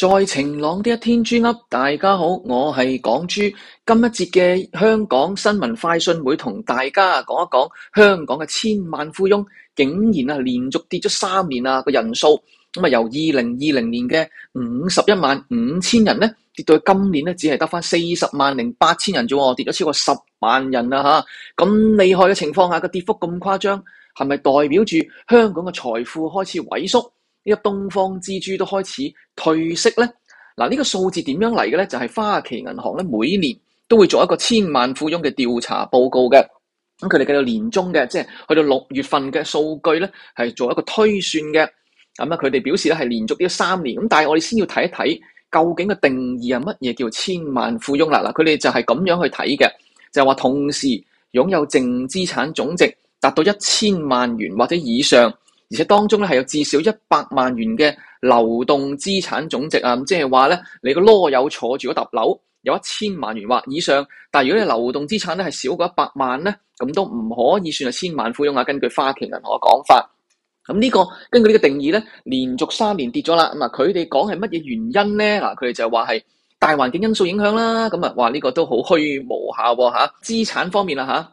在晴朗的一天，豬噏，大家好，我係港豬。今一節嘅香港新聞快訊，會同大家講一講香港嘅千萬富翁，竟然啊連續跌咗三年啊個人數。咁啊由二零二零年嘅五十一萬五千人呢，跌到今年呢，只係得返四十萬零八千人咋喎，跌咗超過十萬人啊吓！咁厲害嘅情況下，個跌幅咁誇張，係咪代表住香港嘅財富開始萎縮？呢個東方之珠都開始褪色咧。嗱、這、呢個數字點樣嚟嘅咧？就係、是、花旗銀行咧，每年都會做一個千萬富翁嘅調查報告嘅。咁佢哋計到年終嘅，即、就、係、是、去到六月份嘅數據咧，係做一個推算嘅。咁咧，佢哋表示咧係連續咗三年。咁但係我哋先要睇一睇，究竟嘅定義係乜嘢叫千萬富翁啦？嗱，佢哋就係咁樣去睇嘅，就係、是、話同時擁有淨資產總值達到一千萬元或者以上。而且當中咧係有至少一百萬元嘅流動資產總值啊，即係話咧，你個籮柚坐住嗰沓樓有一千萬元或以上，但係如果你流動資產咧係少過一百萬咧，咁都唔可以算係千萬富翁啊。根據花旗銀行嘅講法，咁呢、呢個根據呢個定義咧，連續三年跌咗啦。咁啊，佢哋講係乜嘢原因咧？嗱、啊，佢哋就話係大環境因素影響啦。咁啊，話呢、呢個都好虛無下喎嚇，資產方面啦嚇。啊。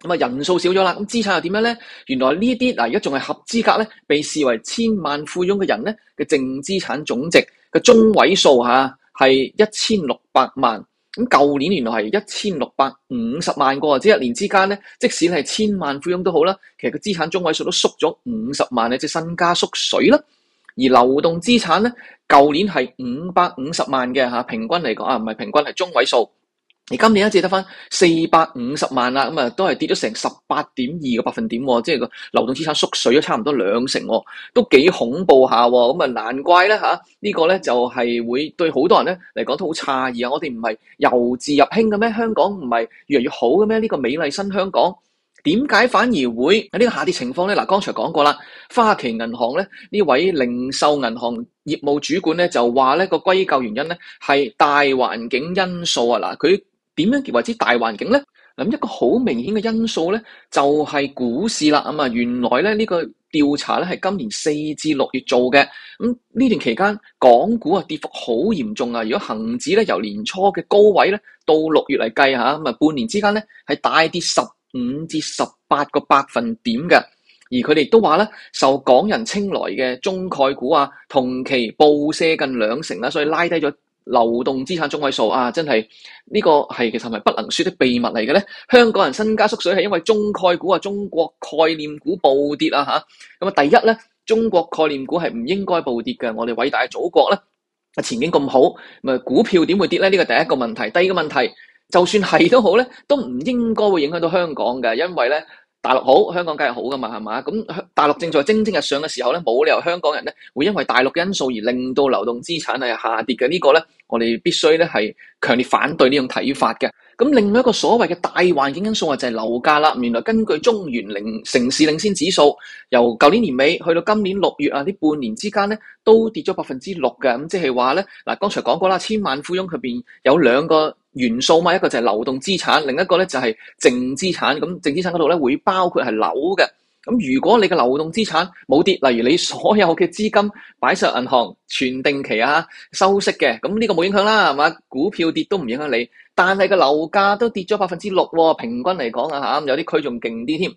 咁啊，人數少咗啦，咁資產又點樣呢？原來呢啲嗱，而家仲係合資格咧，被視為千萬富翁嘅人咧嘅淨資產總值嘅中位數吓，係一千六百萬。咁舊年原來係一千六百五十萬個，或者一年之間咧，即使你係千萬富翁都好啦，其實個資產中位數都縮咗五十萬咧，即係身家縮水啦。而流動資產咧，舊年係五百五十萬嘅吓，平均嚟講啊，唔係平均，係中位數。而今年一隻得翻四百五十萬啦，咁啊都係跌咗成十八點二個百分點喎，即係個流動資產縮水咗差唔多兩成，都幾恐怖下喎，咁啊難怪咧嚇，呢個咧就係會對好多人咧嚟講都好詫異啊！我哋唔係由自入興嘅咩？香港唔係越嚟越好嘅咩？呢個美麗新香港點解反而會喺呢個下跌情況咧？嗱，剛才講過啦，花旗銀行咧呢位零售銀行業務主管咧就話咧個歸咎原因咧係大環境因素啊！嗱，佢。點樣極為之大環境呢？嗱，一個好明顯嘅因素呢，就係股市啦。咁啊，原來呢呢個調查呢，係今年四至六月做嘅。咁呢段期間，港股啊跌幅好嚴重啊！如果恒指呢，由年初嘅高位呢，到六月嚟計下，咁啊半年之間呢，係大跌十五至十八個百分點嘅。而佢哋都話呢，受港人青睞嘅中概股啊，同期暴跌近兩成啦，所以拉低咗。流動資產中位數啊，真係呢個係其實係咪不能說的秘密嚟嘅咧？香港人身家縮水係因為中概股啊，中國概念股暴跌啊，吓咁啊、嗯！第一咧，中國概念股係唔應該暴跌嘅。我哋偉大嘅祖國咧前景咁好，咪股票點會跌咧？呢個第一個問題。第二個問題，就算係都好咧，都唔應該會影響到香港嘅，因為咧。大陸好，香港梗係好噶嘛，係嘛？咁大陸正在蒸蒸日上嘅時候咧，冇理由香港人咧會因為大陸嘅因素而令到流動資產係下跌嘅。這個，呢個咧，我哋必須咧係強烈反對呢種睇法嘅。咁另外一個所謂嘅大環境因素啊，就係樓價啦。原來根據中原領城市領先指數，由舊年年尾去到今年六月啊，呢半年之間咧都跌咗百分之六嘅。咁即係話咧，嗱、就是，剛才講過啦，千萬富翁入邊有兩個。元素嘛，一個就係流動資產，另一個咧就係淨資產。咁淨資產嗰度咧會包括係樓嘅。咁如果你嘅流動資產冇跌，例如你所有嘅資金擺上銀行存定期啊、收息嘅，咁呢個冇影響啦，係嘛？股票跌都唔影響你。但係個樓價都跌咗百分之六，平均嚟講啊，吓有啲區仲勁啲添。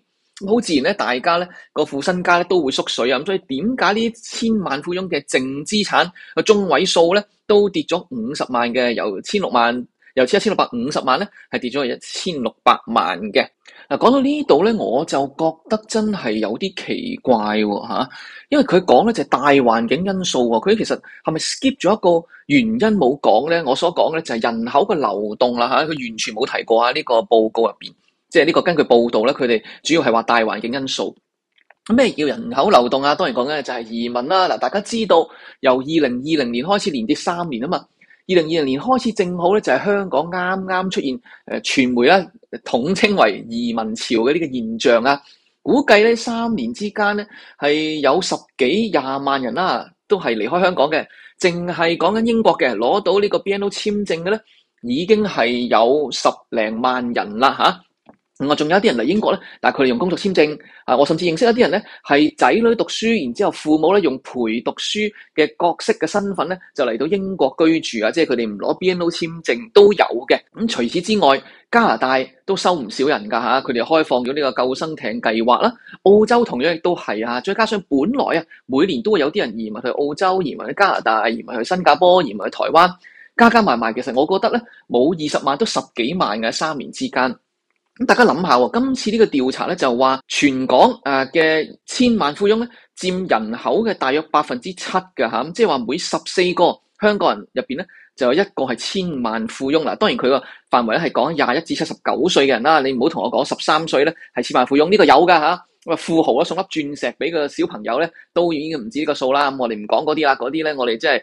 好自然咧，大家咧個副身家咧都會縮水啊。咁所以點解呢啲千萬富翁嘅淨資產個中位數咧都跌咗五十萬嘅，由千六萬。由此一千六百五十萬咧，係跌咗去一千六百萬嘅。嗱，講到呢度咧，我就覺得真係有啲奇怪喎、嚇、因為佢講咧就係大環境因素喎、啊。佢其實係咪 skip 咗一個原因冇講咧？我所講嘅咧就係人口嘅流動啦、啊、嚇，佢、啊、完全冇提過啊！呢、呢個報告入邊，即係呢個根據報導咧，佢哋主要係話大環境因素，咩叫人口流動啊？當然講緊就係移民啦。嗱，大家知道由二零二零年開始連跌三年啊嘛。二零二零年開始，正好咧就係、是、香港啱啱出現誒、呃、傳媒啦，統稱為移民潮嘅呢個現象啊。估計咧三年之間咧係有十幾廿萬人啦、啊，都係離開香港嘅。淨係講緊英國嘅攞到個、NO、簽呢個 BNO 簽證嘅咧，已經係有十零萬人啦嚇。另外仲有一啲人嚟英國咧，但係佢哋用工作簽證。啊，我甚至認識一啲人咧，係仔女讀書，然之後父母咧用陪讀書嘅角色嘅身份咧，就嚟到英國居住啊！即係佢哋唔攞 BNO 簽證都有嘅。咁、嗯、除此之外，加拿大都收唔少人㗎嚇，佢、啊、哋開放咗呢個救生艇計劃啦、啊。澳洲同樣亦都係啊，再加上本來啊，每年都會有啲人移民去澳洲，移民去加拿大，移民去新加坡，移民去台灣，加加埋埋，其實我覺得咧，冇二十萬都十幾萬嘅三年之間。咁大家諗下喎，今次呢個調查咧就話，全港誒嘅千萬富翁咧佔人口嘅大約百分之七噶吓，即係話每十四個香港人入邊咧就有一個係千萬富翁啦。當然佢個範圍咧係講廿一至七十九歲嘅人啦。你唔好同我講十三歲咧係千萬富翁呢個有噶吓。咁啊富豪啦，送粒鑽石俾個小朋友咧，都已經唔止呢個數啦。咁我哋唔講嗰啲啊，嗰啲咧我哋即係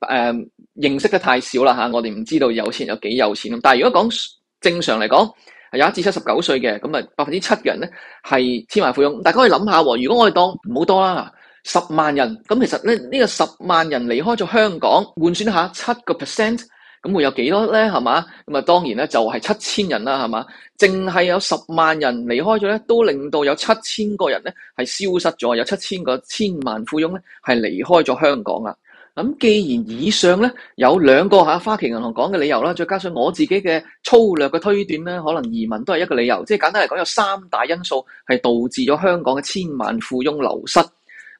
誒認識得太少啦吓，我哋唔知道有錢有幾有錢。但係如果講正常嚟講。1> 有一至七十九歲嘅，咁啊百分之七嘅人呢，係千萬富翁。大家可以諗下喎，如果我哋當冇多啦，十萬人，咁其實咧呢、這個十萬人離開咗香港，換算一下七個 percent，咁會有幾多咧？係嘛？咁啊當然咧就係七千人啦，係嘛？淨係有十萬人離開咗咧，都令到有七千個人呢，係消失咗，有七千個千萬富翁呢，係離開咗香港啦。咁既然以上咧有兩個吓花旗銀行講嘅理由啦，再加上我自己嘅粗略嘅推斷咧，可能移民都係一個理由。即係簡單嚟講，有三大因素係導致咗香港嘅千萬富翁流失。咁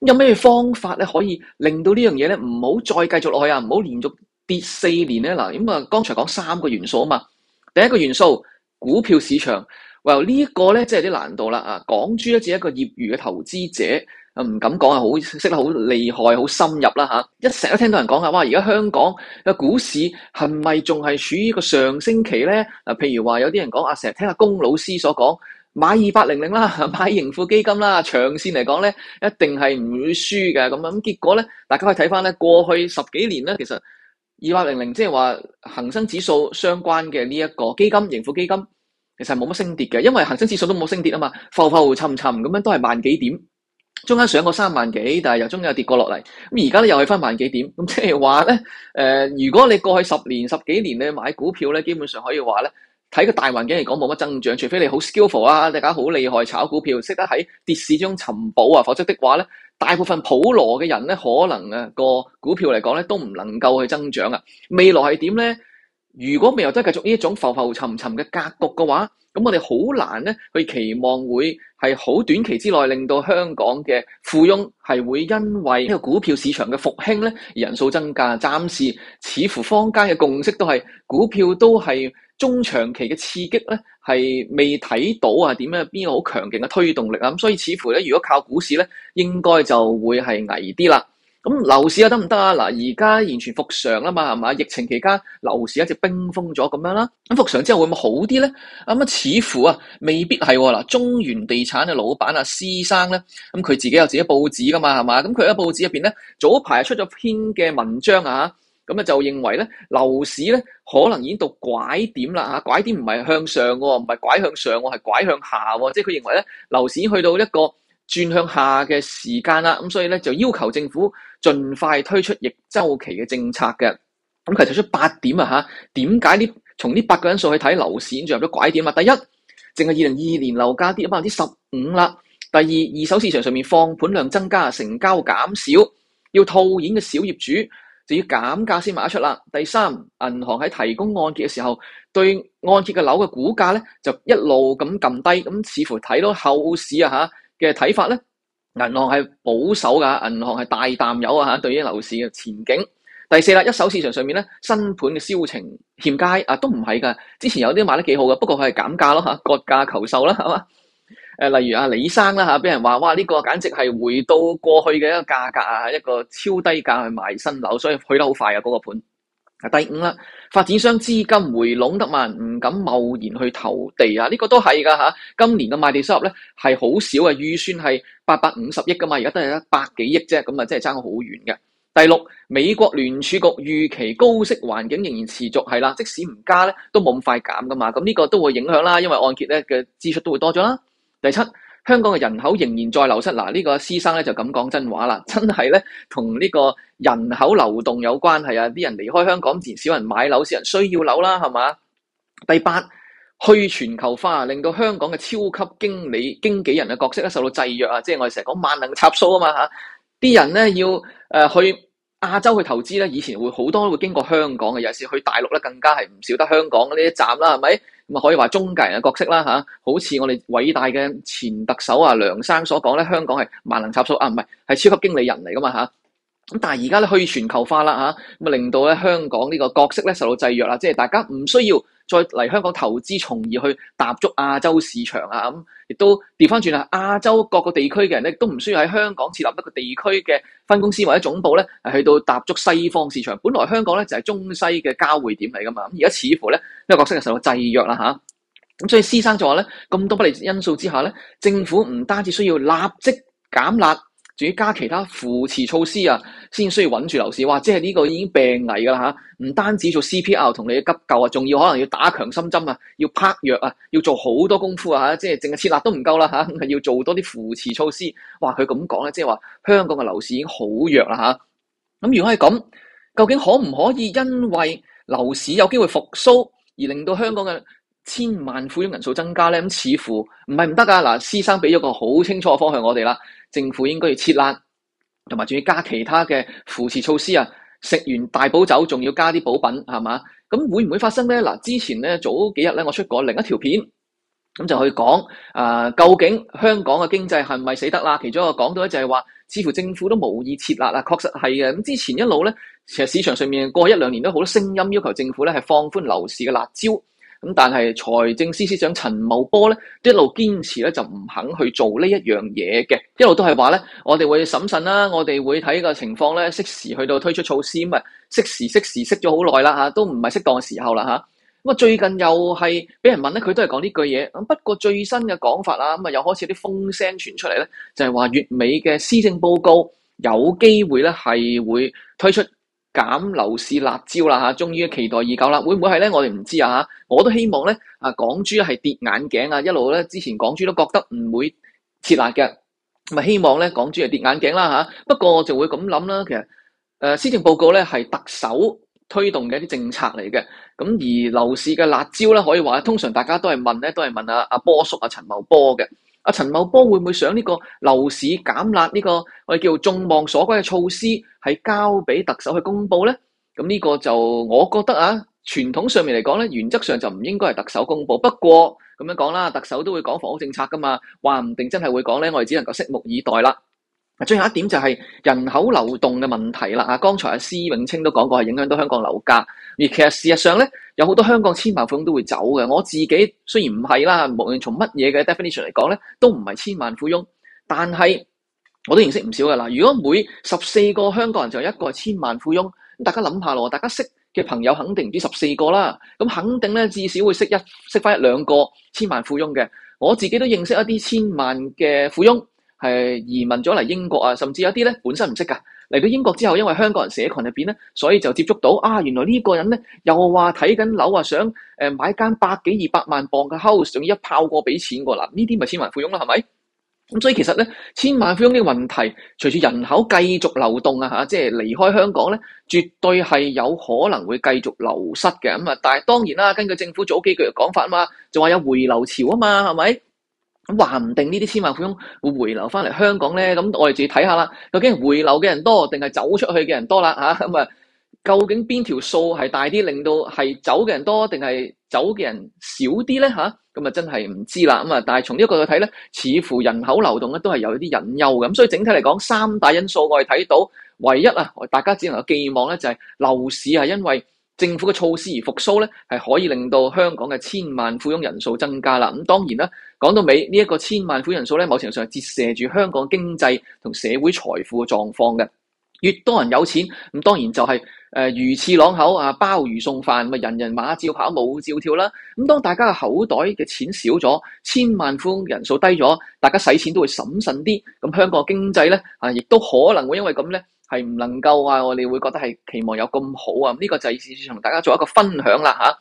有咩方法咧可以令到呢樣嘢咧唔好再繼續落去啊？唔好連續跌四年咧嗱。咁啊，剛才講三個元素啊嘛。第一個元素，股票市場。喂，這個、呢一個咧即係啲難度啦啊。港豬咧只係一個業餘嘅投資者。唔敢講啊，好識得好厲害，好深入啦嚇，一成日聽到人講啊，哇！而家香港嘅股市係咪仲係處於一個上升期咧？啊，譬如話有啲人講阿成日聽阿公老師所講，買二八零零啦，買盈富基金啦，啊，長線嚟講咧，一定係唔會輸嘅咁啊！咁、嗯、結果咧，大家可以睇翻咧，過去十幾年咧，其實二八零零即係話恒生指數相關嘅呢一個基金，盈富基金，其實冇乜升跌嘅，因為恒生指數都冇升跌啊嘛，浮浮沉沉咁樣都係萬幾點。中間上過三萬幾，但係又中間又跌過落嚟。咁而家咧又係返萬幾點？咁即係話咧，誒、呃，如果你過去十年、十幾年你買股票咧，基本上可以話咧，睇個大環境嚟講冇乜增長，除非你好 skillful 啊，大家好厲害炒股票，識得喺跌市中尋寶啊，否則的話咧，大部分普羅嘅人咧可能啊個股票嚟講咧都唔能夠去增長啊。未來係點咧？如果未有真係繼續呢種浮浮沉沉嘅格局嘅話，咁我哋好難呢去期望會係好短期之內令到香港嘅富翁係會因為呢個股票市場嘅復興呢，人數增加暫。暫時似乎坊間嘅共識都係股票都係中長期嘅刺激呢，係未睇到啊，點樣邊有好強勁嘅推動力啊，咁所以似乎呢，如果靠股市呢，應該就會係危啲啦。咁樓市又得唔得啊？嗱，而家完全復常啦嘛，係嘛？疫情期間樓市一直冰封咗咁樣啦，咁復常之後會唔會好啲咧？咁啊，似乎啊未必係喎。嗱，中原地產嘅老闆啊，施生咧，咁佢自己有自己報紙噶嘛，係嘛？咁佢喺報紙入邊咧，早排出咗篇嘅文章啊，咁啊就認為咧樓市咧可能已經到拐點啦嚇、啊，拐點唔係向上，唔係拐向上，我係拐向下喎、啊啊，即係佢認為咧樓市去到一個轉向下嘅時間啦，咁、啊、所以咧就要求政府。盡快推出逆周期嘅政策嘅，咁其實出八點啊吓，點解呢？從呢八個人數去睇樓市已經進入咗拐點啊！第一，淨係二零二二年樓價跌咗百分之十五啦；第二，二手市場上面放盤量增加，成交減少，要套現嘅小業主就要減價先賣得出啦；第三，銀行喺提供按揭嘅時候，對按揭嘅樓嘅估價，咧就一路咁撳低，咁似乎睇到後市啊吓嘅睇法咧。銀行係保守噶，銀行係大淡友啊吓，對於樓市嘅前景。第四啦，一手市場上面咧，新盤嘅銷情欠佳啊，都唔係噶。之前有啲賣得幾好噶，不過係減價咯吓，割價求售啦，係嘛。誒，例如阿李生啦吓，俾人話哇呢個簡直係回到過去嘅一個價格啊，一個超低價去賣新樓，所以去得好快啊嗰個盤。第五啦，發展商資金回籠得慢，唔敢貿然去投地啊！呢、這個都係噶嚇，今年嘅賣地收入咧係好少啊，預算係八百五十億噶嘛，而家都係得百幾億啫，咁啊真係差好遠嘅。第六，美國聯儲局預期高息環境仍然持續，係啦，即使唔加咧都冇咁快減噶嘛，咁、這、呢個都會影響啦，因為按揭咧嘅支出都會多咗啦。第七。香港嘅人口仍然在流失，嗱、這、呢個師生咧就咁講真話啦，真係咧同呢個人口流動有關係啊！啲人離開香港，自然少人買樓，少人，人需要樓啦，係嘛？第八，去全球化令到香港嘅超級經理經紀人嘅角色咧受到制約啊！即係我哋成日講萬能插數啊嘛嚇，啲人咧要誒去亞洲去投資咧，以前會好多都會經過香港嘅，有時去大陸咧更加係唔少得香港呢一站啦，係咪？可以話中介人嘅角色啦吓，好似我哋偉大嘅前特首啊梁生所講咧，香港係萬能插數插蘇啊，唔係係超級經理人嚟㗎嘛吓，咁、啊、但係而家咧去全球化啦吓，咁啊令到咧香港呢個角色咧受到制約啦，即係大家唔需要。再嚟香港投資，從而去踏足亞洲市場啊！咁亦都調翻轉啦，亞洲各個地區嘅人咧，都唔需要喺香港設立一個地區嘅分公司或者總部咧，係去到踏足西方市場。本來香港咧就係、是、中西嘅交匯點嚟㗎嘛，咁而家似乎咧呢、這個角色就受到制約啦吓，咁、啊、所以師生就話咧，咁多不利因素之下咧，政府唔單止需要立即減壓減辣。仲要加其他扶持措施啊，先需要穩住樓市。哇！即係呢個已經病危噶啦吓，唔單止做 CPR 同你急救啊，仲要可能要打強心針啊，要拍藥啊，要做好多功夫啊吓，即係淨係設立都唔夠啦吓，要做多啲扶持措施。哇！佢咁講咧，即係話香港嘅樓市已經好弱啦吓。咁如果係咁，究竟可唔可以因為樓市有機會復甦，而令到香港嘅千萬富翁人數增加咧？咁似乎唔係唔得噶。嗱，先生俾咗個好清楚嘅方向我哋啦。政府應該要撤辣，同埋仲要加其他嘅扶持措施啊！食完大補酒，仲要加啲補品，係嘛？咁會唔會發生咧？嗱，之前咧早幾日咧，我出過另一條片，咁就去講啊、呃，究竟香港嘅經濟係咪死得啦？其中一個我講到咧就係、是、話，似乎政府都無意撤辣啦，確實係嘅。咁之前一路咧，其實市場上面過去一兩年都好多聲音要求政府咧係放寬樓市嘅辣椒。咁但係財政司司長陳茂波咧，一路堅持咧就唔肯去做呢一樣嘢嘅，一路都係話咧，我哋會審慎啦，我哋會睇個情況咧，適時去到推出措施咁啊，適時適時，適咗好耐啦嚇，都唔係適當嘅時候啦嚇。咁啊最近又係俾人問咧，佢都係講呢句嘢。咁不過最新嘅講法啦、啊，咁啊又開始有啲風聲傳出嚟咧，就係話月尾嘅施政報告有機會咧係會推出。減樓市辣招啦吓，終於期待已久啦，會唔會係咧？我哋唔知啊吓，我都希望咧，啊港豬係跌眼鏡啊，一路咧，之前港豬都覺得唔會撤辣嘅，咪希望咧港豬係跌眼鏡啦吓。不過我就會咁諗啦，其實誒施、呃、政報告咧係特首推動嘅一啲政策嚟嘅，咁而樓市嘅辣招咧可以話通常大家都係問咧，都係問阿、啊、阿波叔阿、啊、陳茂波嘅。阿陳茂波會唔會想呢個樓市減壓呢個我哋叫做眾望所歸嘅措施，係交畀特首去公布呢？咁呢個就我覺得啊，傳統上面嚟講，呢原則上就唔應該係特首公布。不過咁樣講啦，特首都會講房屋政策㗎嘛，話唔定真係會講呢，我哋只能夠拭目以待啦。最最後一點就係人口流動嘅問題啦！啊，剛才阿、啊、施永清都講過，係影響到香港樓價。而其實事實上咧，有好多香港千萬富翁都會走嘅。我自己雖然唔係啦，無論從乜嘢嘅 definition 嚟講咧，都唔係千萬富翁，但係我都認識唔少嘅啦。如果每十四個香港人就有一個係千萬富翁，咁大家諗下咯，大家識嘅朋友肯定唔止十四個啦。咁、嗯、肯定咧，至少會識一識返一，識一，識一，識一兩個千萬富翁嘅。我自己都認識一啲千萬嘅富翁。係移民咗嚟英國啊，甚至有啲咧本身唔識噶，嚟到英國之後，因為香港人社群入邊咧，所以就接觸到啊，原來呢個人咧又話睇緊樓啊，想誒買間百幾二百萬磅嘅 house，仲要一炮過俾錢過啦，呢啲咪千萬富翁啦，係咪？咁所以其實咧，千萬富翁呢個問題，隨住人口繼續流動啊吓，即係離開香港咧，絕對係有可能會繼續流失嘅。咁啊，但係當然啦，根據政府早幾句嘅講法啊嘛，仲話有回流潮啊嘛，係咪？咁話唔定呢啲千萬富翁會回流翻嚟香港咧，咁我哋自己睇下啦，究竟回流嘅人多定係走出去嘅人多啦？嚇、啊，咁、嗯、啊，究竟邊條數係大啲，令到係走嘅人多定係走嘅人少啲咧？嚇，咁啊真係唔知啦。咁啊，嗯、但係從角度呢一個去睇咧，似乎人口流動咧都係有啲隱憂嘅。咁所以整體嚟講，三大因素我哋睇到，唯一啊，大家只能夠寄望咧就係樓市係因為，政府嘅措施而復甦咧，係可以令到香港嘅千萬富翁人數增加啦。咁當然啦，講到尾呢一個千萬富翁人數咧，某程度上係折射住香港經濟同社會財富嘅狀況嘅。越多人有錢，咁當然就係、是、誒、呃、魚翅朗口啊，鮑魚餸飯，啊人人馬照跑，舞照跳啦。咁當大家嘅口袋嘅錢少咗，千萬富翁人數低咗，大家使錢都會審慎啲。咁香港經濟咧啊，亦都可能會因為咁咧。係唔能夠啊！我哋會覺得係期望有咁好啊！呢、這個就係意思同大家做一個分享啦吓、啊，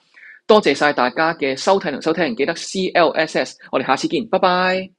多謝晒大家嘅收睇同收聽，記得 C L S S。我哋下次見，拜拜。